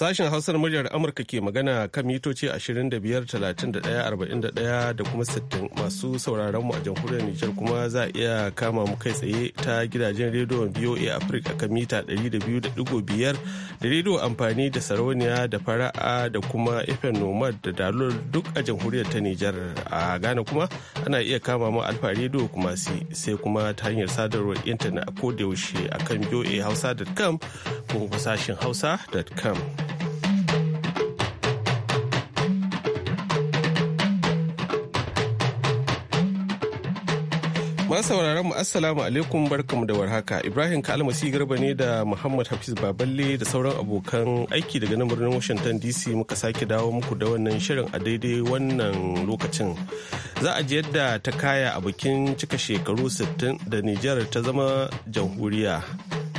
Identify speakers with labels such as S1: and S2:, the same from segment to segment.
S1: Sashen Hausar muryar Amurka ke magana kan mitoci 25,31,41 da kuma 60 masu sauraron mu a jamhuriyar Nijar kuma za a iya kama mu kai tsaye ta gidajen rediyon BOA Africa kan mita 200.5 da rediyo amfani da sarauniya da fara'a da kuma FM Nomad da Dalol duk a jamhuriyar ta Nijar a Ghana kuma ana iya kama mu Alfa rediyo kuma sai kuma ta hanyar sadarwar intanet a kodayaushe a kan boahausa.com ko sashen hausa.com. Masu sauraron mu assalamu alaikum barkamu da warhaka Ibrahim almasi Garba ne da Muhammad Hafiz Baballe da sauran abokan aiki daga nan birnin Washington DC muka sake dawo muku da wannan shirin a daidai wannan lokacin. Za a ji yadda ta kaya a bikin cika shekaru 60 da Nijar ta zama jamhuriya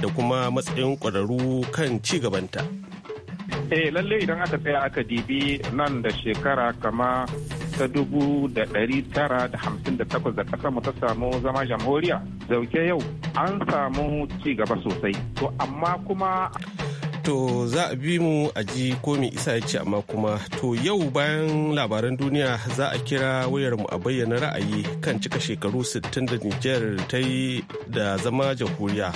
S1: da kuma matsayin ƙwararru kan ci gabanta.
S2: Eh lalle idan aka tsaya aka dibi nan da shekara kama ta dubu da ɗari tara da hamsin da takwas da ƙasarmu mu ta samu zama jamhuriya zauke yau an samu ci gaba sosai to amma kuma
S1: To za a bi mu a ji ko me isa ya ce amma kuma to yau bayan labaran duniya za a kira wayar mu a bayyana ra'ayi kan cika shekaru 60 da Nijar ta yi da zama jamhuriya.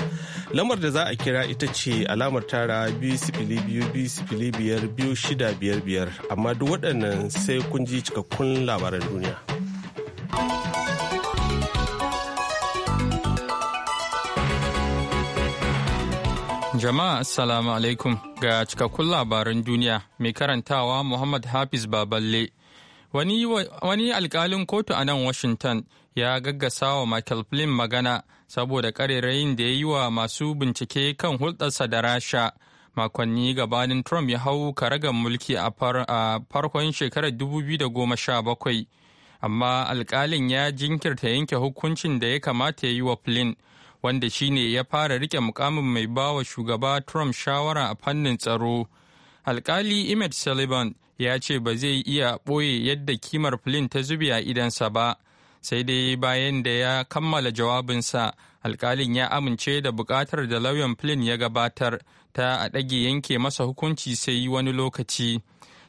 S1: Lamar da za a kira ita ce alamar tara biyu sifili biyu biyu sifili biyar biyu shida biyar biyar amma duk waɗannan sai kun ji cikakkun labaran duniya.
S3: Jama'a Assalamu alaikum ga cikakkun labaran duniya mai karantawa Muhammad Hafiz Baballe. Wani, alkalin kotu a nan Washington ya gaggasa wa Michael Flynn magana saboda karerayin da ya yi wa masu bincike kan hulɗarsa da Rasha. Makonni gabanin Trump ya hau karagar mulki a farkon shekarar 2017, amma alkalin ya jinkirta yanke hukuncin da ya kamata ya yi wa Flynn. wanda shi ne ya fara rike mukamin mai bawa shugaba Trump shawara a fannin tsaro. Alkali Emmett Sullivan ya ce ba zai iya ɓoye yadda kimar Flynn ta zubi a idansa ba, sai dai bayan da ya kammala jawabinsa, alkalin ya amince da bukatar da lauyan Flynn ya gabatar ta a ɗage yanke masa hukunci sai yi wani lokaci.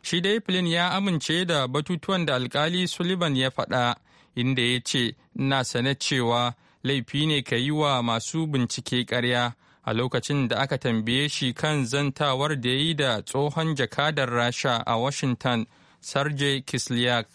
S3: Shi dai Flynn ya amince da batutuwan da alkali Sullivan ya faɗa, inda ya ce, "Ina sane cewa laifi ne ka yi wa masu bincike karya a lokacin da aka tambaye shi kan zantawar da ya yi da tsohon jakadar rasha a washington sergey kislyak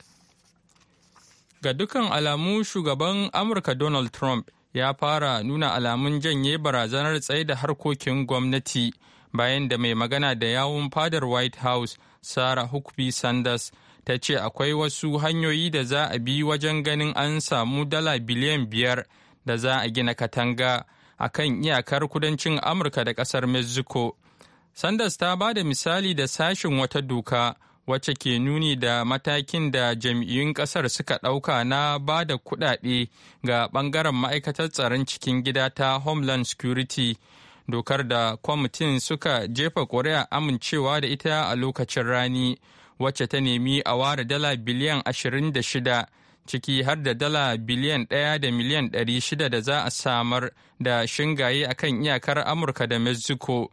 S3: ga dukan alamu shugaban amurka donald trump ya fara nuna alamun janye barazanar tsaye da harkokin gwamnati bayan da mai magana da yawun fadar white house sarah huckabee sanders ta ce akwai wasu hanyoyi da za a bi wajen ganin an samu dala biliyan biyar da za a gina katanga a kan iyakar kudancin amurka da ƙasar mexico sanders ta ba da misali da sashin wata doka wacce ke nuni da matakin da jam'iyyun ƙasar suka ɗauka na ba da kuɗaɗe ga ɓangaren ma'aikatar tsaron cikin gida ta homeland security dokar da kwamitin suka jefa ƙuri'a amincewa da ita a lokacin rani wacce ta nemi a ware dala biliyan 26 ciki har da dala biliyan ɗaya da miliyan ɗari shida da za a samar da shingaye a kan iyakar amurka da mexico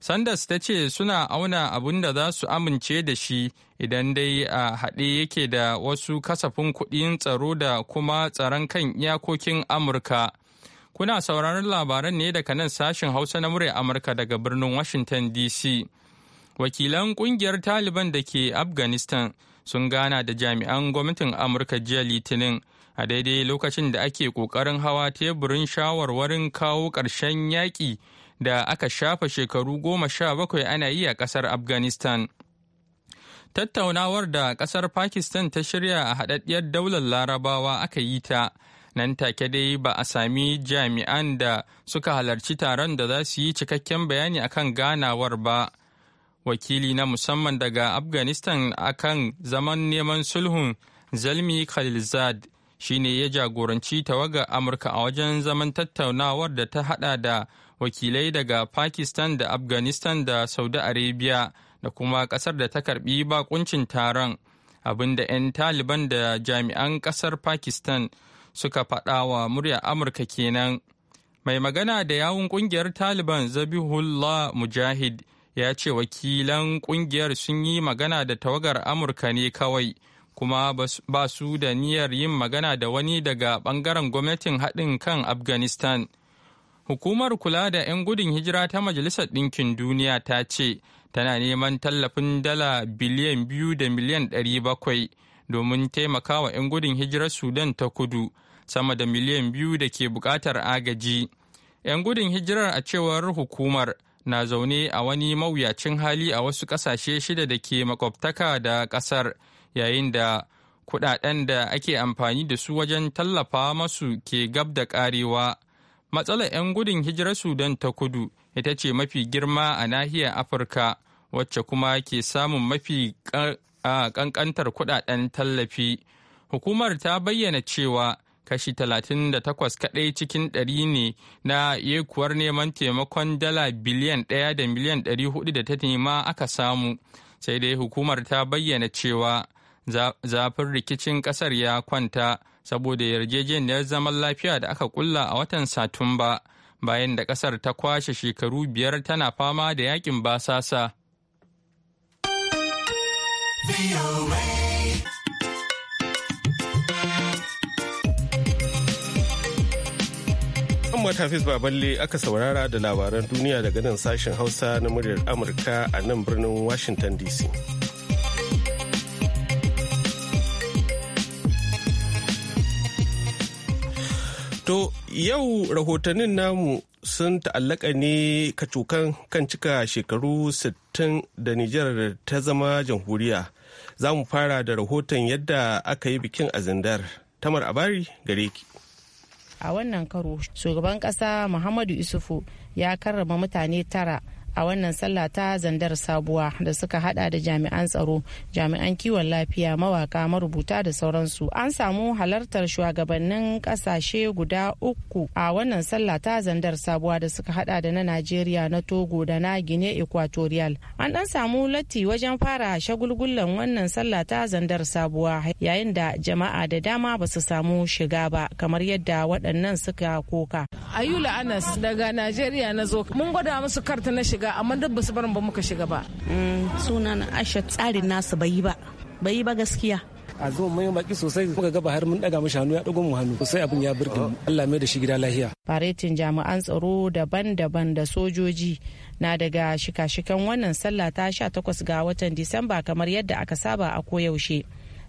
S3: sanders ta ce suna auna abun da za su amince da shi idan dai a haɗe yake da wasu kasafin kuɗin tsaro da kuma tsaron kan iyakokin amurka kuna sauraron labaran ne daga nan sashen hausa na murya amurka daga birnin washington dc wakilan ƙungiyar taliban da ke afghanistan sun gana da jami'an gwamnatin amurka jiya litinin a daidai lokacin da ake ƙoƙarin hawa teburin shawarwarin kawo ƙarshen yaƙi da aka shafa shekaru goma sha bakwai ana yi a ƙasar afghanistan tattaunawar da ƙasar pakistan ta shirya a haɗaɗɗiyar daular larabawa aka yi ta nan take dai ba a sami jami'an da suka halarci taron da za su yi cikakken bayani akan ganawar ba. wakili na musamman daga afghanistan akan zaman neman sulhun zalmi khalilzad shi ne ya jagoranci tawaga amurka a wajen zaman tattaunawar da ta hada da wakilai daga pakistan da afghanistan da saudi arabia da kuma kasar da ta karbi bakuncin taron abinda 'yan taliban da jami'an kasar pakistan suka faɗa wa murya amurka kenan mai magana da yawun kungiyar taliban zabihullah mujahid ya ce wakilan kungiyar sun yi magana da tawagar amurka ne kawai kuma ba su da niyyar yin magana da wani daga bangaren gwamnatin haɗin kan afghanistan hukumar kula da 'yan gudun hijira ta majalisar ɗinkin duniya ta ce tana neman tallafin dala biliyan biyu da miliyan ɗari bakwai domin taimakawa 'yan gudun hijirar sudan ta kudu sama da miliyan biyu da ke buƙatar agaji 'yan gudun hijirar a cewar hukumar na zaune a wani mawuyacin hali a wasu ƙasashe shida da ke makwabtaka da ƙasar yayin da kuɗaɗen da ake amfani da su wajen tallafa masu ke gab da ƙarewa. Matsalar 'yan gudun hijirar Sudan ta kudu ita ce mafi girma a nahiyar Afirka wacce kuma ke samun mafi ƙanƙantar kuɗaɗen tallafi. Hukumar ta bayyana cewa kashi talatin da takwas kadai cikin ɗari ne na yekuwar neman taimakon dala biliyan ɗaya da miliyan hudu da ta nema aka samu sai dai hukumar ta bayyana cewa zafin rikicin kasar ya kwanta saboda yarjejeniyar zaman lafiya da aka kulla a watan satumba bayan da kasar ta kwashe shekaru biyar tana fama da yakin basasa.
S1: Muhammad Hafiz balle aka saurara da labaran duniya daga nan sashen Hausa na muryar Amurka a nan birnin Washington DC. To yau rahotannin namu sun ta'allaka ne kacokan kan cika shekaru 60 da Nijar ta zama jamhuriya. Za mu fara da rahoton yadda aka yi bikin azindar Zindar. Tamar Abari gare ki.
S4: a wannan karo shugaban kasa muhammadu isufu ya karrama mutane tara a wannan sallah ta zandar sabuwa da suka hada da jami'an tsaro jami'an kiwon lafiya mawaka marubuta da sauransu an samu halartar shugabannin kasashe guda uku a wannan sallah ta zandar sabuwa da suka hada da na najeriya na togo da na gine equatorial an dan samu latti wajen fara shagulgullan wannan sallah ta zandar sabuwa yayin da jama'a da dama ba su samu shiga ba kamar yadda waɗannan suka koka ayula anas daga najeriya na zo mun gwada musu karta na shiga shiga amma duk basu barin ba muka shiga ba mm, suna na aisha tsarin nasu bai yi ba bai yi ba gaskiya
S5: a zo mai baki sosai muka gaba har mun daga mishi hannu ya dago mu hannu sosai abin ya burge mu Allah mai da
S6: shi gida lahiya
S4: faretin jami'an tsaro daban-daban da sojoji na daga shika-shikan wannan sallah ta 18 ga watan Disamba kamar yadda aka saba a koyaushe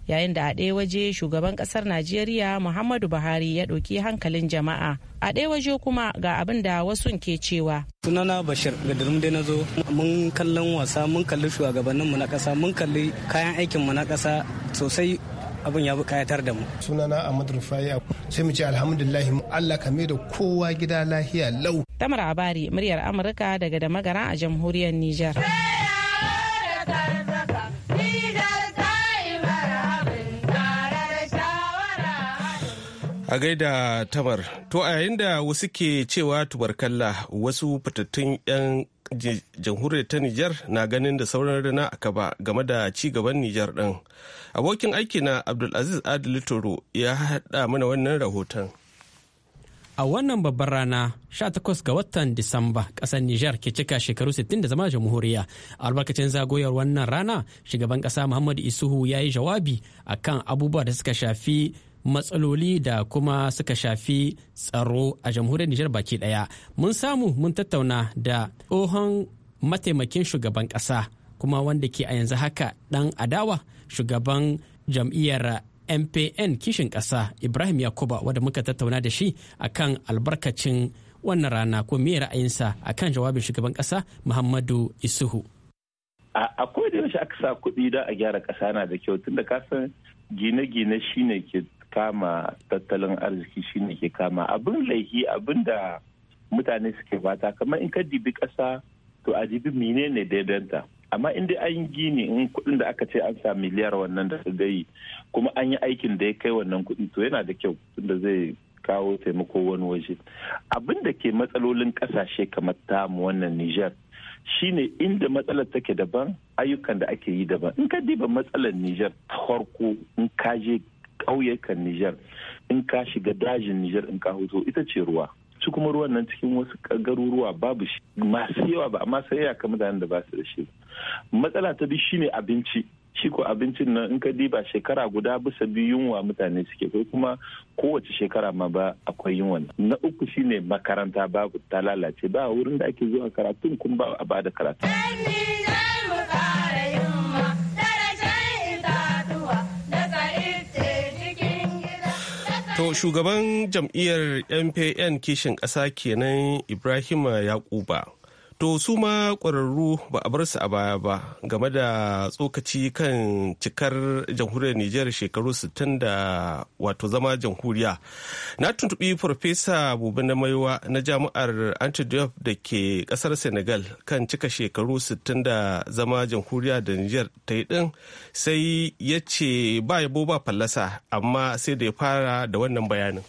S4: yayin da a ɗaya waje shugaban ƙasar najeriya muhammadu buhari ya ɗauki hankalin jama'a a ɗaya waje kuma ga abin da wasu ke cewa
S5: sunana bashir gadirin dai na zo mun kallon wasa mun kalli shugabanninmu na ƙasa mun kalli kayan aikinmu na ƙasa sosai abin ya bukayatar da mu. Sunana Ahmad Rufai sai mu ce alhamdulillah Allah kame da kowa gida lahiya lau.
S4: Tamar Abari muryar Amurka daga da magara a jamhuriyar Nijar.
S1: A gaida tamar, to a yayin da wasu ke cewa tubarkalla wasu fitattun 'yan jamhuriyar ta Nijar na ganin da sauran rana a kaba game da ci gaban Nijar din Abokin aiki na Abdulaziz Adil Toro ya haɗa mana wannan rahoton.
S5: A wannan babbar rana 18 ga watan Disamba ƙasar Nijar ke cika shekaru 60 da zama jamhuriya. Albarkacin zagoyar wannan rana shugaban ƙasa Muhammadu Isuhu ya yi jawabi akan abubuwa da suka shafi matsaloli da kuma suka shafi tsaro a jamhuriyar Nijar baki ɗaya. Mun samu mun tattauna da tsohon mataimakin shugaban kasa kuma wanda ke a yanzu haka dan adawa shugaban jam'iyyar MPN kishin kasa Ibrahim Yakuba wadda muka tattauna da shi akan albarkacin wannan rana ko me ra'ayinsa akan jawabin shugaban kasa Muhammadu
S3: Isuhu.
S7: Akwai da yaushe aka sa kuɗi da a gyara ƙasa na da kyau tunda ka san gine-gine shine ke kama tattalin arziki shine ke kama abin laihi abin da mutane suke bata kamar in ka dibi kasa to a dibi menene daidanta amma inda dai an gini in kuɗin da aka ce an sa miliyar wannan da ta gai kuma an yi aikin da ya kai wannan kuɗi to yana da kyau tunda zai kawo taimako wani waje abin da ke matsalolin kasashe kamar tamu wannan niger shine inda matsalar take daban ayyukan da ake yi daban in ka diba matsalar niger ta farko in ka je ƙauyukan Nijar in ka shiga dajin Nijar in ka hoto ita ce ruwa su kuma ruwan nan cikin wasu garuruwa babu shi masu yawa ba amma sai ya kama da da ba su da shi matsala ta biyu shine abinci shi ko abincin nan in ka diba shekara guda bisa biyu yunwa mutane suke kai kuma kowace shekara ma ba akwai yunwa na uku shine makaranta babu ta lalace ba wurin da ake zuwa karatun kun ba a bada karatu
S1: To shugaban jam'iyyar MPN kishin ƙasa kenan Ibrahima Yakuba. To su ma ƙwararru ba a bar su a baya ba game da tsokaci kan cikar jamhuriyar Nijar shekaru 60 da wato zama jamhuriya. Na tuntubi Farfesa Bubu na Maiwa na jami'ar Antidiop da ke ƙasar Senegal kan cika shekaru 60 da zama jamhuriya da Nijar ta yi ɗin sai ya ce ba yabo ba fallasa amma sai da ya fara da wannan bayanin.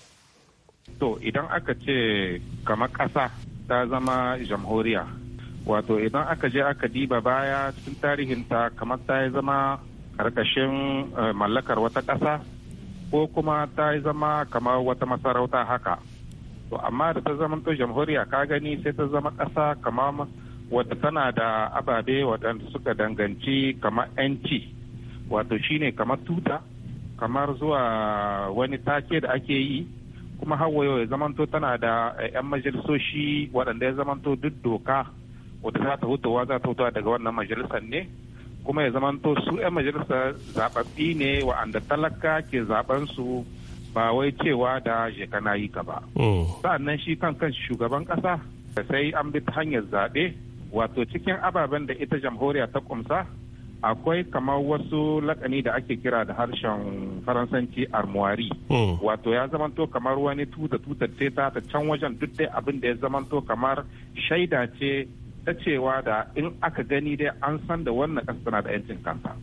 S2: To idan aka ce kama ƙasa ta zama jamhuriya wato idan aka je aka diba baya cikin tarihinta kamar ta yi zama karkashin eh, mallakar wata ƙasa ko kuma ta yi zama kamar wata masarauta haka to amma da ta zama to jamhuriya ka gani sai ta zama ƙasa kamar wata tana da ababe waɗanda suka danganci kamar 'yanci wato shine kamar tuta kamar zuwa wani take da ake yi kuma hawa yau ya zamanto tana da 'yan eh, majalisoshi waɗanda ya zamanto duk doka wata za ta hutawa za ta hutawa daga wannan majalisar ne kuma ya zamanto su 'yan majalisar zaɓaɓɓi ne wa'anda talaka ke zaɓen su ba wai cewa da shekana yi ka ba. Mm. Sa'annan shi kan kan shugaban ƙasa sai an bi ta hanyar zaɓe wato cikin ababen da ita jamhuriya ta kumsa akwai kamar wasu lakani da ake kira da harshen faransanci armuari hmm. wato ya zamanto kamar wani tuta tuta ce ta ta can wajen duk dai abin da ya zamanto kamar shaida ce ta cewa da in aka gani dai an san da wannan na da 'yancin kansa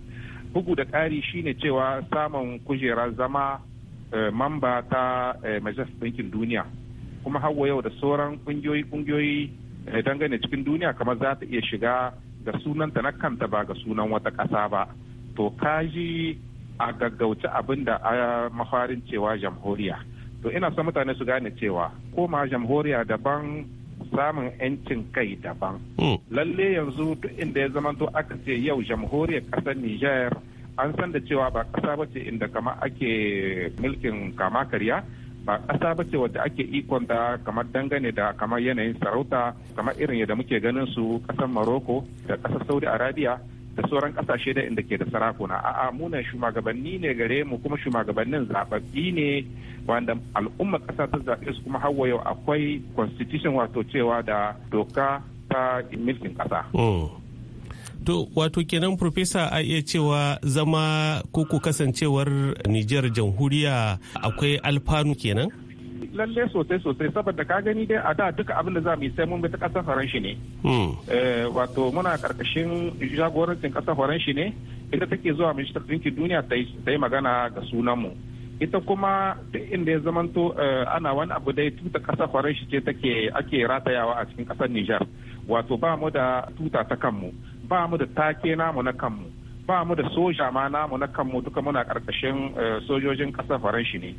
S2: bugu da ƙari shine cewa samun kujerar zama eh, mamba ta eh, majalisar ɗinkin duniya kuma hawa yau da sauran ƙungiyoyi kungiyoyi eh, dangane cikin duniya kamar za ta iya shiga da sunanta na kanta ba ga sunan wata ƙasa ba to ka ji a gaggauci abin da a mafarin cewa jamhuriya to ina son mutane su gane cewa koma jamhuriya daban samun 'yancin kai daban hmm. lalle yanzu duk inda ya zama to aka ce yau jamhuriyar ƙasar niger an san da cewa ba ƙasa ba ce inda kama ake mulkin kama karya ba ƙasa ba ce wadda ake ikon da kamar dangane da kamar yanayin sarauta kamar irin yadda muke ganin su ƙasar maroko da ƙasar saudi arabia da sauran ƙasashe da inda ke da sarakuna a'a munan shugabanni ne gare mu kuma shugabannin zababbi ne wanda al'ummar ƙasa ta zaɓe su kuma hawa yau akwai constitution wato cewa da doka ta mulkin ƙasa.
S7: Mm.
S1: To wato kenan Profesa a iya cewa zama koko kasancewar Nijar jamhuriya akwai alfanu kenan?
S2: lalle sosai sosai saboda ka gani dai a da duka abinda da za mu yi sai mun bi ta kasar faranshi ne hmm. eh, wato muna karkashin jagorancin kasar faranshi ne ita take zuwa ministar ɗinkin duniya ta yi magana ga sunanmu ita kuma duk inda ya zamanto eh, ana wani abu dai tuta kasar faranshi ce take ake ratayawa a cikin kasar nijar wato ba mu da tuta ta kanmu ba mu da take namu na kanmu ba mu da soja ma namu na kanmu duka muna karkashin eh, sojojin kasar faranshi ne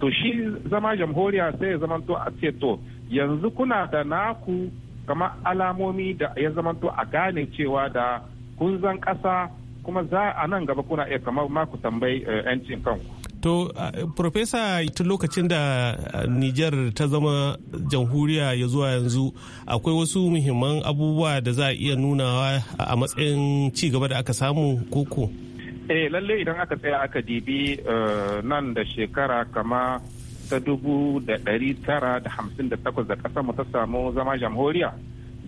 S2: to shi zama jamhuriya sai ya zamanto a ce to yanzu kuna da naku kamar alamomi da ya zamanto a gane cewa da kun zan ƙasa kuma za a nan gaba kuna iya kamar ma ku tambayi eh, 'yancin kanku
S1: To, Profesa tun lokacin da Nijar ta zama jamhuriya ya zuwa yanzu akwai wasu muhimman abubuwa da za a iya nunawa a matsayin ci gaba da aka samu koko?
S2: Eh, lalle idan aka tsaya aka dibi eh, nan da shekara kama ta dubu da dari tara da hamsin da takwas da ƙasa mu ta samu zama jamhuriya.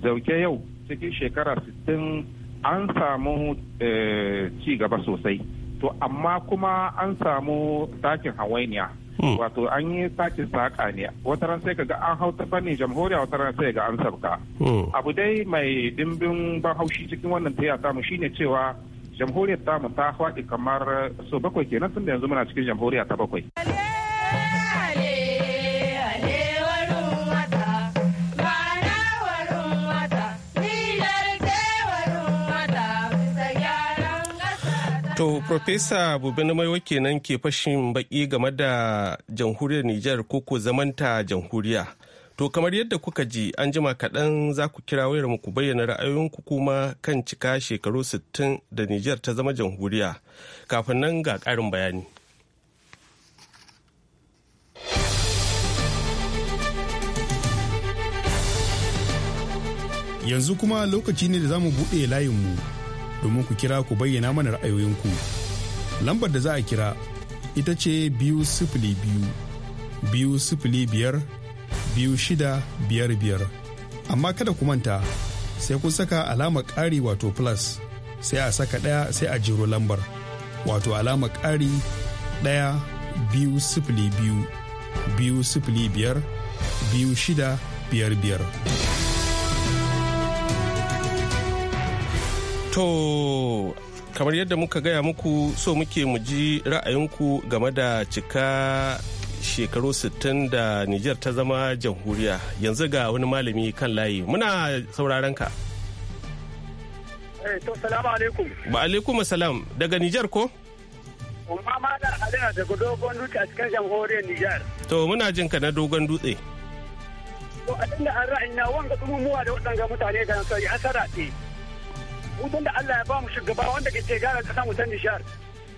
S2: Zauke yau cikin shekara sittin an samu eh, ci gaba sosai. to amma kuma an samu sakin hawainiya hmm. wato an yi sakin saƙa ne wata ran sai kaga an hau ta fannin jamhuriya wata ran sai ga an sabka hmm. abu dai mai dimbin ban haushi cikin wannan ta mu shine cewa jamhuriyar mu ta faɗi kamar so bakwai kenan tun da yanzu muna cikin jamhuriya ta bakwai
S1: To, Profesa na Maiwa kenan ke fashin baki game da jamhuriyar Nijar koko zamanta jamhuriya. To, kamar yadda kuka ji, an jima kaɗan za ku kira wayar ku bayyana ra'ayoyinku kuma kan cika shekaru 60 da Nijar ta zama jamhuriya. Kafin nan ga ƙarin bayani.
S8: Yanzu kuma lokaci ne da za mu buɗe layinmu. domin ku kira ku bayyana mana ra'ayoyinku. Lambar da za a kira ita ce biyu sifili biyu biyu sifili biyar biyu shida biyar biyar amma kada ku manta sai kun saka alamar ƙari wato plus sai a saka ɗaya sai a jiro lambar wato alama ƙari ɗaya biyu sifili biyu biyu sifili biyar
S1: biyu shida biyar biyar. To, kamar yadda muka gaya muku so muke mu ji ra'ayinku game da cika shekaru 60 da Nijar ta zama jamhuriya yanzu ga wani malami kan layi muna sauraron ka.
S6: Eh, to salamu alaikum.
S1: Ba alaikum salam daga Nijar ko?
S6: Umma
S5: ma da alina daga dogon dutse a cikin jamhuriyar Nijar.
S1: To muna jin ka na dogon dutse.
S5: To abinda an ra'ayi na wanga tsumumuwa da waɗanda mutane da nasari an ce. hutun da Allah ya ba mu shugaba wanda ke gara kasan wutan nishar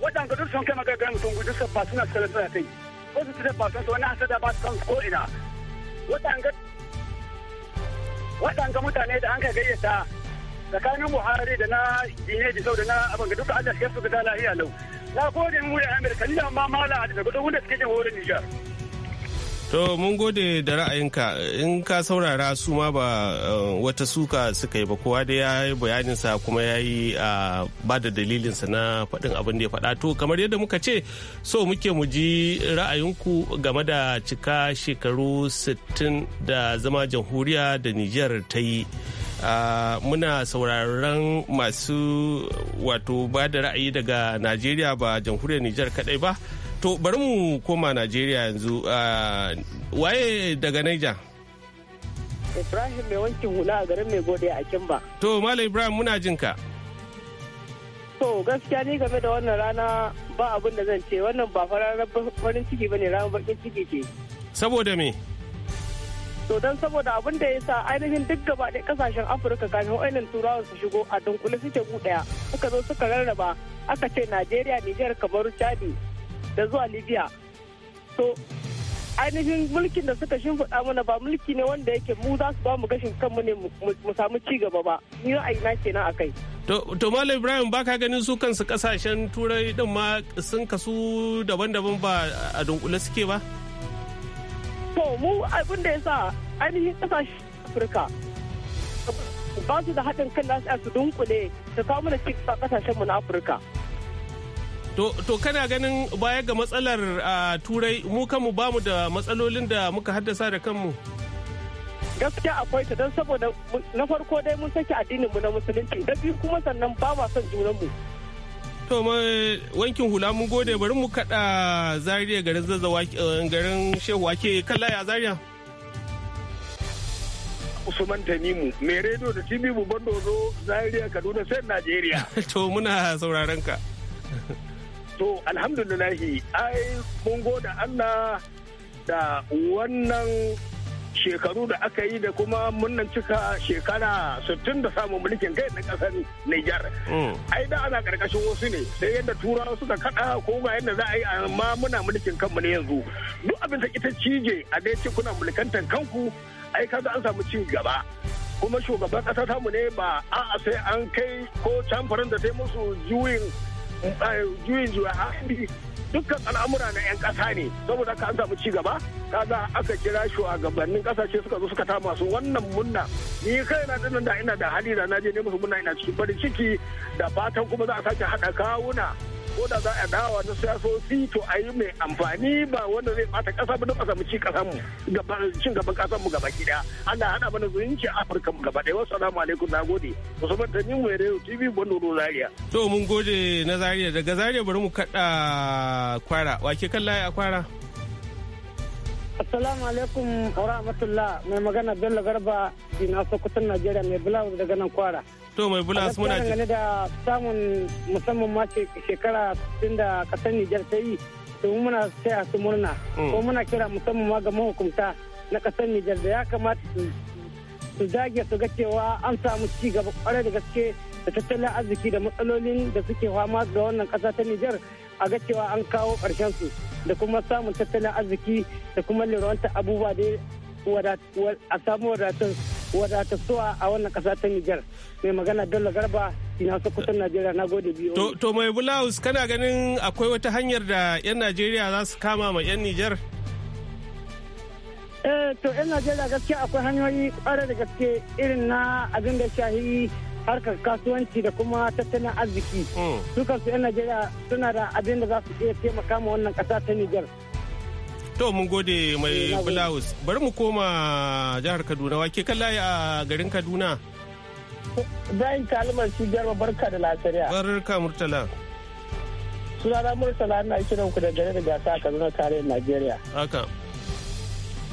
S5: waɗanda duk sun kai magagar mutum gudu su fasu suna tsare tsare kai ko su tsare ba su wani hasada ba su kan ko ina waɗanda waɗanda mutane da an ka gayyata tsakanin
S6: Buhari da na da Sau da na abin ga duka Allah ya su ga lahiya lau na gode mu da Amerika ni da ma mala da gudu wanda suke jin horon Nijar.
S1: To mun gode da ra'ayinka in ka saurara su ma ba eh, wata suka suka yi ba kowa da ya yi bayaninsa kuma ya yi ah, ba da dalilinsa na faɗin abin da ya faɗa to kamar yadda muka ce so muke mu ji ra'ayinku game da cika shekaru 60 da zama jamhuriya da Nijar ta yi. Ah, muna sauraron masu wato ba da ra'ayi daga najeriya ba jamhuriyar nijar kaɗai ba to bari mu koma najeriya yanzu ah, waye daga naija
S5: ibrahim mai wankin hula a garin mai gode a kimba
S1: to malam ibrahim muna jinka
S5: to gaskiya ni game da wannan rana ba abin da zan ce wannan ba ranar farin ciki ba ne ranar bakin ciki ce saboda me to don saboda abin da ya sa ainihin duk gaba da kasashen afirka kafin wa'inan turawa su shigo a dunkule suke buɗaya suka zo suka rarraba aka ce najeriya nijar kamar chadi da zuwa libya to ainihin mulkin da suka shimfiɗa mana ba mulki ne wanda yake mu za su ba mu gashin kanmu ne mu samu ci gaba ba ni ra'ayina kenan akai
S1: to malam ibrahim ba ka ganin su kansu kasashen turai din ma sun kasu daban-daban ba a dunkule suke ba
S5: to mu abin da ya sa ainihin kasashen afirka ba su da haɗin kan nasu su dunkule su kawo mana cikin kasashen mu na afirka
S1: To kana ganin baya ga matsalar turai mu kanmu ba mu da matsalolin da muka haddasa da kanmu?
S5: Gaskiya akwai ta don saboda na farko dai mun saki addininmu na musulunci da biyu kuma sannan ba ma son junanmu.
S1: To wankin hula mun gode bari mu kaɗa zariya garin zazzawa eh, garin shehu ake kalla ya zariya.
S6: Usman Tanimu, mai rediyo da TV mu bando zo Zaria Kaduna sai Najeriya. To muna sauraron ka. To alhamdulillahi ai mun goda Allah da wannan shekaru da aka yi da kuma munnan cika shekara 60 da samun mulkin kai na kasar Nijar. Mm. Ai da ana karkashin wasu ne sai yadda turawa suka kada ko ga yadda za a yi amma muna mulkin kanmu ne yanzu. Duk abin da ita cije a dai ce kuna mulkantar kanku ai kaga an samu ci gaba. kuma shugaban kasa tamu ne ba a sai an kai ko can da sai musu juyin Eh, juyin juya hali dukkan al'amura na 'yan ƙasa ne saboda ka an samu ci gaba kaga aka kira shugabannin ƙasashe suka zo suka tama su wannan munna ni kai na da ina da hali da je ne musu munna ina cikin farin ciki da fatan kuma za a sake haɗa kawuna ko da za a dawa na siyasoci to a yi mai amfani ba wanda zai bata kasa ba don a samu ci kasan mu cin gaban kasan mu gaba ki an Allah hada mana a Afirka mu gaba wasu alamu alaikum gode musamman ta nin wayar TV Bondo Zaria
S1: to mun gode na Zaria daga zariya bari mu kaɗa kwara wake kan layi a kwara
S5: Assalamu alaikum wa rahmatullah mai magana Bello Garba na Sokoton Najeriya mai bula daga ganin Kwara.
S1: To mai su muna ji.
S5: da samun musamman ma shekara tun da kasar Nijar ta yi to muna a su murna mm. ko muna kira musamman ma ga mahukunta na kasar Nijar da ya kamata su zage su ga cewa an samu ci gaba kwarai da gaske da tattalin arziki da matsalolin da suke fama da wannan kasa ta Nijar a ga cewa an kawo ƙarshen su. da kuma samun tattalin arziki da kuma lirwanta abubuwa da a samu wadatattuwa a wannan kasa ta Nijar. Mai magana Bello Garba, ina kusan Najeriya na gode biyu. E.
S1: To, mai Bulaus, kana ganin akwai wata hanyar da 'yan Najeriya za su kama ma 'yan Nijar?
S5: Eh, to 'yan Najeriya gaskiya akwai hanyoyi ƙwarar da gaske irin na abin da shahi harkar kasuwanci da kuma tattalin arziki hmm. dukan su 'yan najeriya suna da abin da za su iya taimaka ma wannan kasa ta niger
S1: to mun gode mai blouse eh, bari mu koma jihar kaduna wake ke layi a garin kaduna
S5: bayan kalmar shi jarma barka da lasariya
S1: barka murtala
S5: sunana murtala na kiran ku da gare da gasa a kaduna tarayyar najeriya haka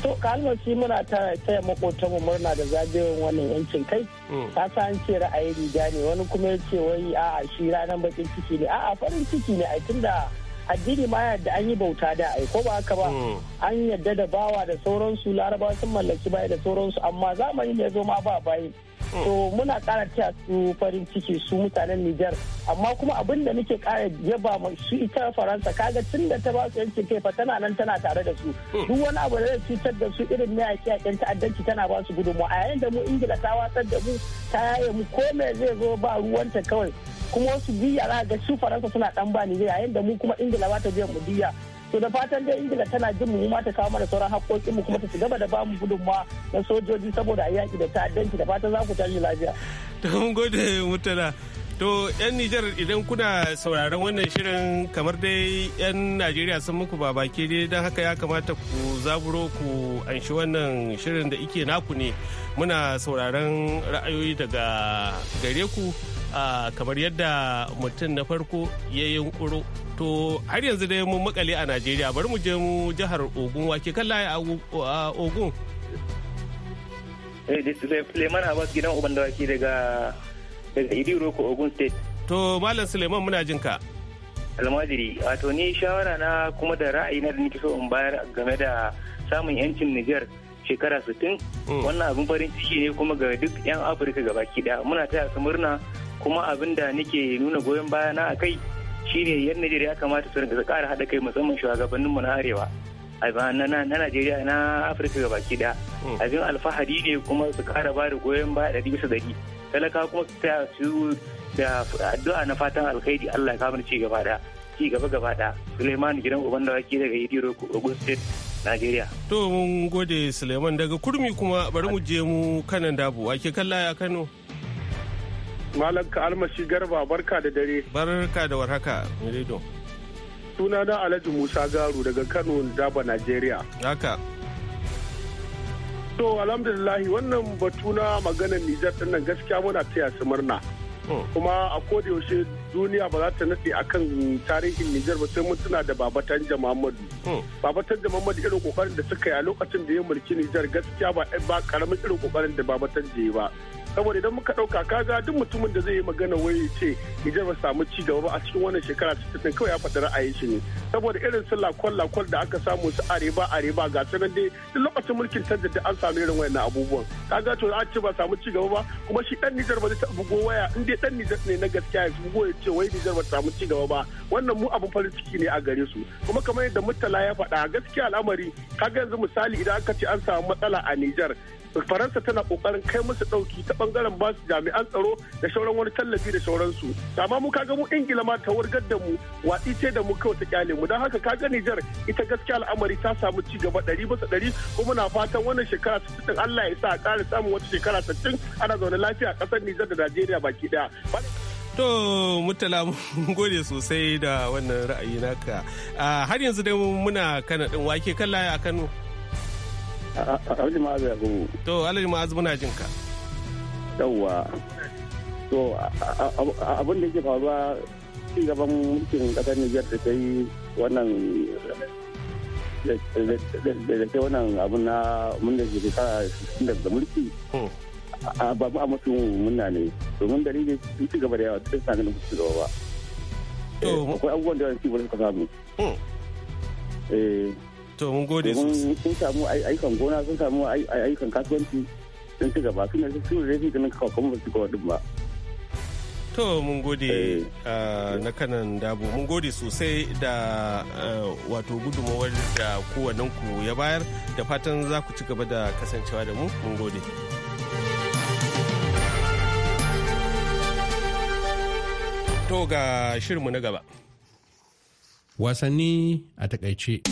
S5: To kalmaci muna ta taya mu murna da zagayen wannan yancin kai. Ta mm. sa an ce ra'ayi riga ne wani kuma ya ce wai a'a shi ranar bakin ciki ne a'a farin ciki ne a da addini ma yadda an yi bauta da ai ko ba haka ba mm. an yadda da bawa da sauransu larabawa sun mallaki baya da sauransu amma zamani ne zo ma ba bayi to muna kara ta su farin ciki su mutanen Nijar amma kuma abin da nake kara yaba ma su ita Faransa kaga tun da ta ba su yancin kai fa tana nan tana tare da su hmm. duk wani abu da zai cutar da su irin na yaki yakin ta'addanci tana ba su gudunmu a yayin da mu Ingila ta watsar da mu ta yaye mu ko me zai zo ba ruwanta kawai kuma wasu biya za ga su Faransa suna dan ba Nijar yayin da mu kuma Ingila ba ta biyan mu biya to da fatan dai ingila tana jin mu ta kawo mana sauran haƙoƙin mu kuma ta gaba da bamu gudunmawa na sojoji saboda a yaki da ta'addanci da fatan za ku tashi lafiya
S1: to mun gode mutala to yan Nijar idan kuna sauraron wannan shirin kamar dai yan Najeriya sun muku baki dai don haka ya kamata ku zaburo ku anshi wannan shirin da ike naku ne muna sauraron ra'ayoyi daga gare ku kamar yadda mutum na farko ya yi yunkuro to har yanzu dai mun makale a najeriya bari mu je mu jihar ogun wake kan laye a ogun
S5: eh, suleiman abbas gidan uban wake daga daga ko ogun state
S1: to malam suleiman muna jin ka
S5: almajiri wato ni shawara na kuma da ra'ayi na da nake so in bayar game da samun yancin niger shekara 60 mm. wannan abin farin ciki ne kuma ga duk 'yan afirka gabaki daya muna taya su murna kuma abin da nake nuna goyon baya na kai shine yan Najeriya kamata su rinka ƙara haɗa kai musamman shugabannin mu na arewa na Najeriya na Afirka gabaki da. Hmm. abin alfahari ne kuma su ƙara ba da goyon baya da bisa ɗari talaka kuma su taya su da addu'a na fatan alkhairi Allah ya kamar ci gaba da ci gaba gaba da Suleiman
S7: gidan uban da wake daga Yidiro Ogun State Najeriya.
S1: To mun gode Suleiman daga Kurmi kuma bari mu je mu kanan dabu wake kalla ya Kano. Malam
S6: Almasi Garba barka da dare.
S1: Barka da warhaka. Mirido.
S6: Sunana Alhaji Musa Garu daga Kano Daba Najeriya. Haka. To alhamdulillahi wannan batu na maganar Nijar din nan gaskiya muna taya su murna. Oh. Kuma a koda yaushe duniya ba za ta nutse akan tarihin Nijar ba sai mun tuna da Babatan Muhammadu. Oh. Babatan Muhammadu irin kokarin da suka yi a lokacin da ya mulki Nijar gaskiya ba ba karamin irin kokarin da Babatan je ba. saboda idan muka dauka kaga duk mutumin da zai yi magana wai ya ce idan ba samu ci gaba ba a cikin wannan shekara ta tsin kawai ya faɗi ra'ayin shi ne saboda irin su lakon lakon da aka samu su areba areba ga su nan dai duk lokacin mulkin canza da an samu irin wayannan abubuwan kaga to a ce ba samu ci gaba ba kuma shi dan Nijar ba zai taɓa bugo waya in dai dan Nijar ne na gaskiya ya bugo ya ce wai Nijar ba samu ci gaba ba wannan mu abin farin ciki ne a gare su kuma kamar yadda Murtala ya faɗa gaskiya al'amari kaga yanzu misali idan aka ce an samu matsala a Nijar faransa tana kokarin kai musu dauki ta bangaren ba su jami'an tsaro da sauran wani tallafi da sauransu amma mu kaga mu ingila ma ta wargar da mu watsi ce da mu kawai ta kyale mu don haka kaga nijar ita gaskiya al'amari ta samu ci gaba ɗari bisa ɗari kuma na fatan wannan shekara sittin Allah ya sa a ƙara samun wata shekara sittin ana zaune lafiya a ƙasar Nijar da Najeriya baki ɗaya.
S1: To mutala mun gode sosai da wannan ra'ayi naka. Ah, har yanzu dai muna kana ɗin wake kan laya a Kano.
S5: Alhaji Ma'azu ya gubu.
S1: To, Alhaji Ma'azu muna jin ka. Yawwa. To,
S5: abin da yake faruwa ci gaban mulkin ƙasar Nijar da ta yi wannan da ta wannan abin na mun da ke kara da mulki. Hmm. Ba mu a musu munna ne. Domin dalilin ci gaba da yawa ta sanar da musu gaba ba. Eh, akwai abubuwan da yawan ci gaba suka samu. Hmm. Eh. To mun gode su Sun samu ayyukan gona sun samu ayyukan kasuwanci sun ci gaba suna su ne su ganin kawakon ba su kawadin ba.
S1: To mun gode eh. na kanan dabo mun gode sosai da wato gudunmawar da kowannenku ya bayar da fatan za ku ci gaba da kasancewa da mu mun gode. To ga shirinmu na gaba.
S3: Wasanni a takaice.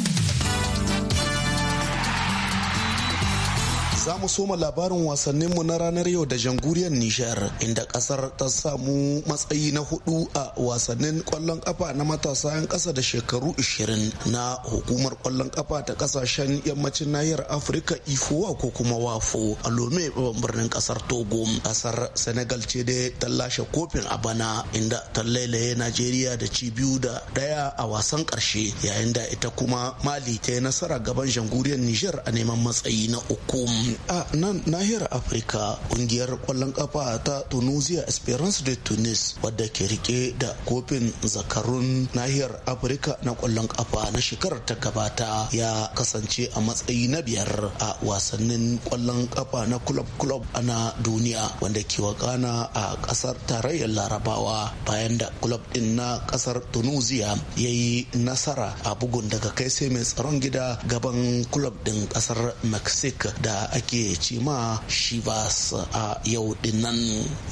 S8: Za mu soma labarin wasannin mu na ranar yau da janguriyar Nijar inda kasar ta samu matsayi na hudu a wasannin kwallon kafa na matasa 'yan kasa da shekaru 20 na hukumar kwallon kafa ta kasashen yammacin nahiyar Afirka Ifowa ko kuma Wafo a Lome birnin kasar Togo. Kasar Senegal ce da ta lashe kofin a bana inda ta lailaye Najeriya da ci biyu da daya a wasan karshe yayin da ita kuma Mali ta yi nasara gaban janguriyar Nijar a neman matsayi na uku. a nan nahiyar afirka kungiyar kwallon kafa ta tunisia esperance de tunis wadda ke rike da kofin zakarun nahiyar afirka na kwallon kafa na shekarar ta gabata ya kasance a matsayi na biyar a wasannin kwallon kafa na club club ana duniya wanda ke wakana a kasar tarayyar larabawa bayan da club din na kasar tunisia ya yi nasara a bugun daga kai sai mai tsaron gida gaban club din kasar mexico da ake ake ce ma shivas a yau dinnan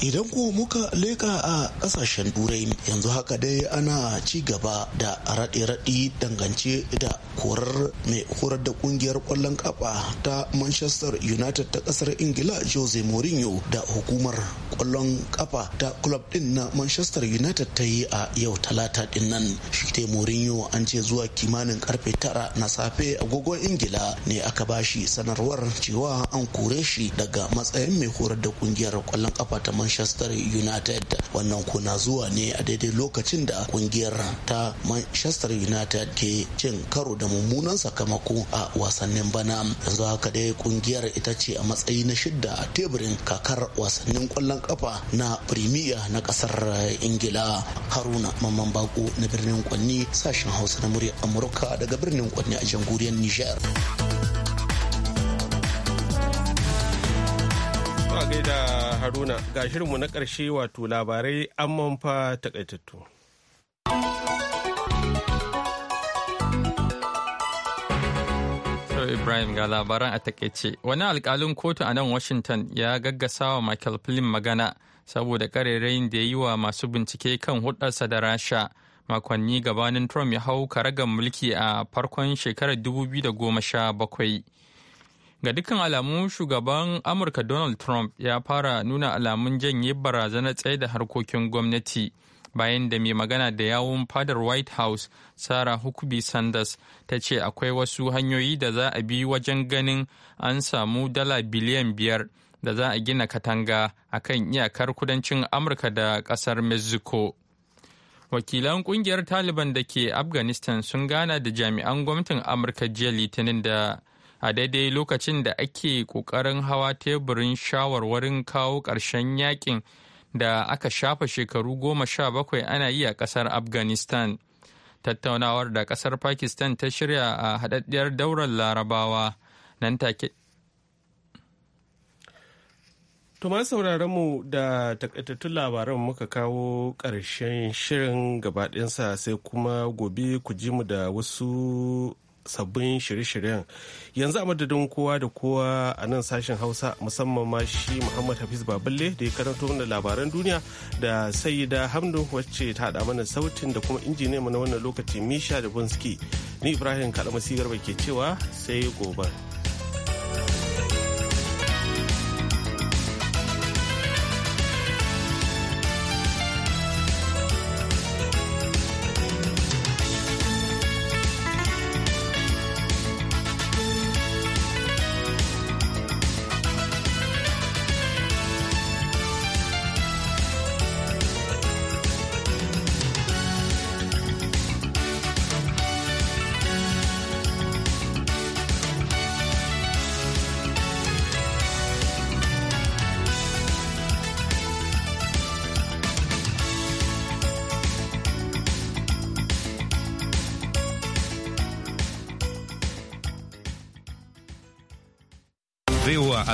S8: idan ko muka leka a kasashen turai yanzu haka dai ana ci gaba da raɗe-raɗi dangance da korar mai horar da kungiyar kwallon kafa ta manchester united ta kasar ingila jose mourinho da hukumar kwallon kafa ta club din na manchester united ta yi a yau talata dinnan. nan shi mourinho an ce zuwa kimanin karfe tara na safe agogon ingila ne aka bashi sanarwar cewa an kore shi daga matsayin mai horar da kungiyar kwallon kafa ta manchester united wannan kuna zuwa ne a daidai lokacin da kungiyar ta manchester united ke cin karo da mummunan sakamako a wasannin bana yanzu haka dai kungiyar ita ce a matsayi na shidda a teburin kakar wasannin kwallon kafa na premier na kasar ingila haruna mamman bako na birnin kwanni sashen hausa na murya amurka daga birnin kwanni a jamhuriyar nijar
S1: gaida Haruna ga shirinmu na karshe wato labarai an manfa takaitattu.
S3: Ibrahim ga labaran a takaice. Wani alkalin kotu a nan Washington ya gaggasa wa Michael Flynn magana saboda karerayin da ya yi wa masu bincike kan hudarsa da Rasha makonni gabanin Trump ya hau karagar mulki a farkon shekarar 2017. ga dukkan alamu shugaban amurka donald trump ya fara nuna alamun janye barazanar tsaye da harkokin gwamnati bayan da mai magana da yawun fadar white house sarah huckabee sanders ta ce akwai wasu hanyoyi da za a bi wajen ganin an samu dala biliyan biyar da za a gina katanga a kan iyakar kudancin amurka da kasar mexico wakilan kungiyar taliban da ke afghanistan sun gana da jami'an gwamnatin amurka jiya litinin da a daidai lokacin da ake ƙoƙarin hawa teburin shawarwarin kawo ƙarshen yakin da aka shafa shekaru goma sha bakwai ana yi a ƙasar afghanistan tattaunawar da ƙasar pakistan ta shirya a haɗaɗɗiyar daular larabawa nan take
S1: Tuma sauraron mu da takaitattun labaran muka kawo ƙarshen shirin gabaɗinsa sai kuma gobe ku ji mu da wasu sabbin shirye-shiryen yanzu a madadin kowa da kowa a nan sashen hausa musamman ma shi muhammad hafiz baballe da ya karanto mana labaran duniya da sayida hamdu wacce ta haɗa mana sautin da kuma injiniya mana wannan lokaci misha da bunski ni ibrahim kalamasi garba ke cewa sai gobe.